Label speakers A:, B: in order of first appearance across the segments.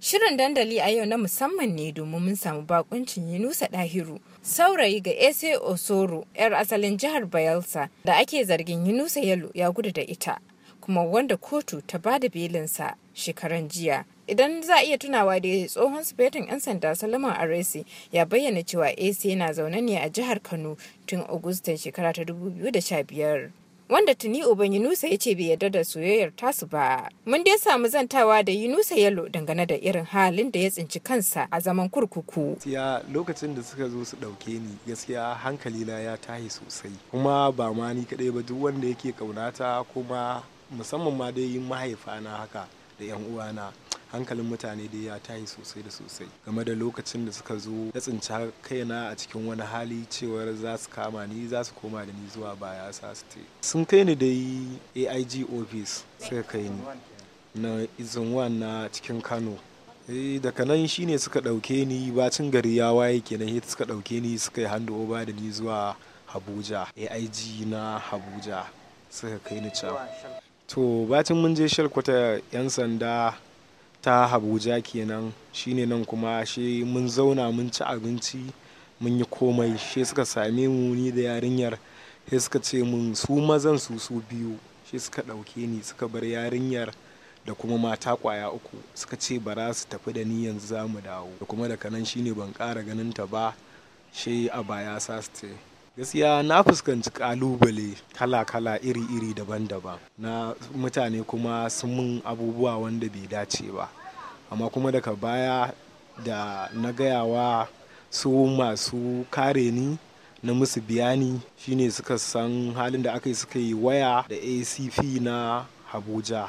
A: Shirin dandali a yau na musamman ne domin mun samu bakuncin Yunusa ɗahiru saurayi ga Ese Osoro, 'yar asalin jihar Bayelsa da ake zargin Yunusa Yalo ya gudu da ita, kuma wanda kotu ta ba da belinsa shekaran jiya. Idan za a iya tunawa da tsohon sufetin 'yan sanda Salman Aresi ya bayyana cewa Ese na zaune ne a jihar Kano tun Agustan shekara ta 2015. wanda tuni uban Yunusa ya ce bai yarda da soyayyar tasu ba. Mun dai samu zantawa da Yunusa Yalo dangane da irin halin da ya tsinci kansa a zaman kurkuku.
B: Ya lokacin da suka zo su ɗauke ni gaskiya hankali na ya tahi sosai kuma ba ma ni kadai ba duk wanda yake ƙaunata kuma musamman ma dai mahaifana haka da 'yan uwana. hankalin mutane da ya tayi sosai da sosai game da lokacin da suka zo na tsinci kaina a cikin wani hali cewar za su kama ni za su koma da ni zuwa baya sa su te sun kai ni dai aig office suka kai ni na izin na cikin kano eh, daga nan shine suka ɗauke ni bacin gari ya waye kenan suka ɗauke ni suka yi hand over da ni zuwa Habuja AIG na Habuja suka kai ni can. To bacin mun je shalkwata 'yan sanda ta Habuja kenan shi ne nan kuma shi mun zauna mun ci abinci mun yi komai shi suka same mu ni da yarinyar shi suka ce mun su mazan su su biyu shi suka ɗauke ni suka bar yarinyar da kuma mata kwaya uku suka ce bara su tafi da ni yanzu za mu dawo da kuma daga nan ne ban ƙara ganin ta ba shi a baya sa su gaskiya na fuskanci kalubale kala-kala iri-iri daban-daban na mutane kuma sun mun abubuwa wanda bai dace ba amma kuma daga baya da na gayawa su masu kare ni na musu biyani shine suka san halin da aka yi suka yi waya da acp na habuja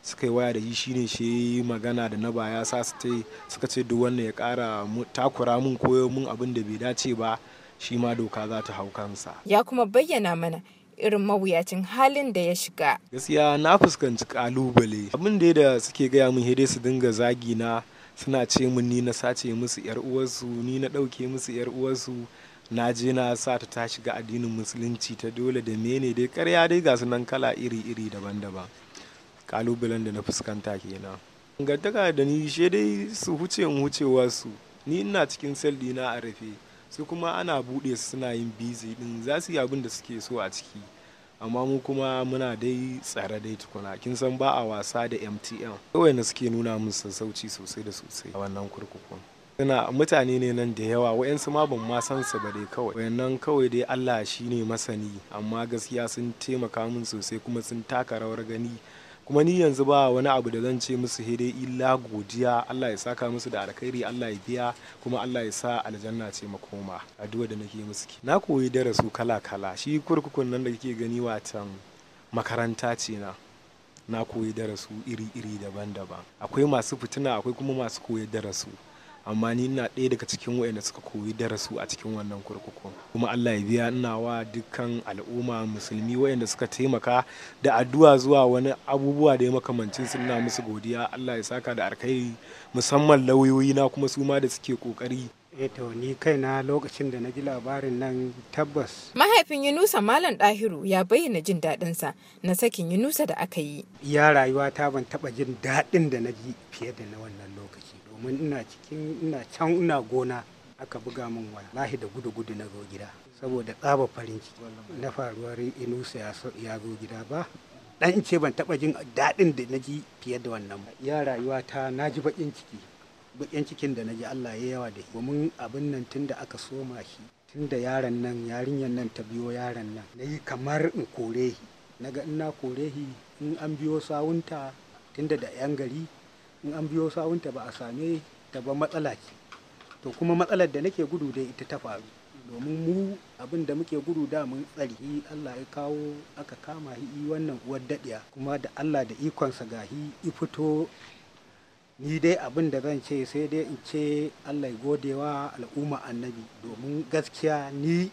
B: suka yi waya da shi shine shi magana da na baya sa su suka ce duk wanda ya kara takura mun koyo mun abin da bai dace ba shi ma doka za ta hau kansa
A: ya kuma bayyana mana irin mawuyacin halin da ya shiga.
B: Gaskiya na fuskanci kalubale. Abin da da suke gaya min dai su dinga zagi na suna ce min ni na sace musu yar uwarsu ni na ɗauke musu yar uwarsu na je na sa ta ta shiga addinin musulunci ta dole da mene dai karya dai ga su nan kala iri-iri daban-daban. Kalubalen da na fuskanta kenan. Gantaka da ni shi dai su huce in hucewa su ni ina cikin sel dina a rufe. su kuma ana buɗe su suna yin busy din za su yi abin da suke so a ciki amma mu kuma muna dai tsare dai tukuna kin san ba a wasa da mtm kawai na suke nuna mun sassauci sosai da sosai a wannan kurkukun suna mutane ne nan da yawa wa'yansu ma ban ma san su ba dai kawai wayannan kawai dai allah shine masani amma gaskiya sun taimaka min sosai kuma sun taka rawar gani kuma ni yanzu ba wani abu da zan ce musu hede illa godiya Allah ya saka musu da alkhairi Allah ya biya kuma Allah ya sa aljanna ce makoma addu'a da nake musu ki na koyi darasu kala kala shi kurkukun nan da kike gani watan makaranta ce na na koyi darasu iri iri daban daban akwai masu fitina akwai kuma masu koyi darasu amma ni ina ɗaya daga cikin wayanda suka koyi darasu a cikin wannan kurkuku kuma Allah ya biya ina wa dukkan al'umma musulmi wayanda suka taimaka da addu'a zuwa wani abubuwa da ya makamancin su ina musu godiya Allah ya saka da alkhairi musamman lauyoyi na kuma su ma da suke kokari eh to ni kaina lokacin da na ji labarin nan tabbas
A: mahaifin yunusa malam dahiru ya bayyana jin daɗin sa na sakin yunusa da aka yi
C: ya rayuwa ta ban taɓa jin daɗin da na ji fiye da na wannan lokaci domin ina cikin ina can ina gona aka buga min wani lahi da gudu gudu na zo gida saboda tsaba farin ciki na faruwar inusa ya zo gida ba dan ce ban taba jin daɗin da na ji fiye da wannan ya rayuwa ta na ji baƙin ciki baƙin cikin da na ji Allah ya yawa da domin abin nan tun da aka soma shi tun da yaron nan yarinyar nan ta biyo yaron nan na yi kamar in kore na ga ina kore in an biyo sawunta tun da da 'yan gari in an biyo sawunta ba a same ta ba matsala ce to kuma matsalar da nake gudu da ita ta faru domin mu abin da muke gudu da mun tsarki Allah ya kawo aka kama hi wannan uwar daɗiya kuma da Allah da ikonsa hi i fito ni dai abin da zan ce sai dai in ce Allah ya gode wa al'umma annabi domin gaskiya ni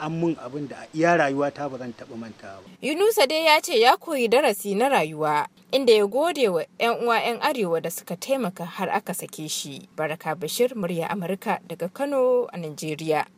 A: an mun abin da iya ta ba zan
C: taɓa manta ba.
A: Yunusa dai ya ce ya koyi darasi na rayuwa inda ya gode wa 'yan uwa 'yan arewa da suka taimaka har aka sake shi. Baraka Bashir murya Amurka daga Kano a Najeriya.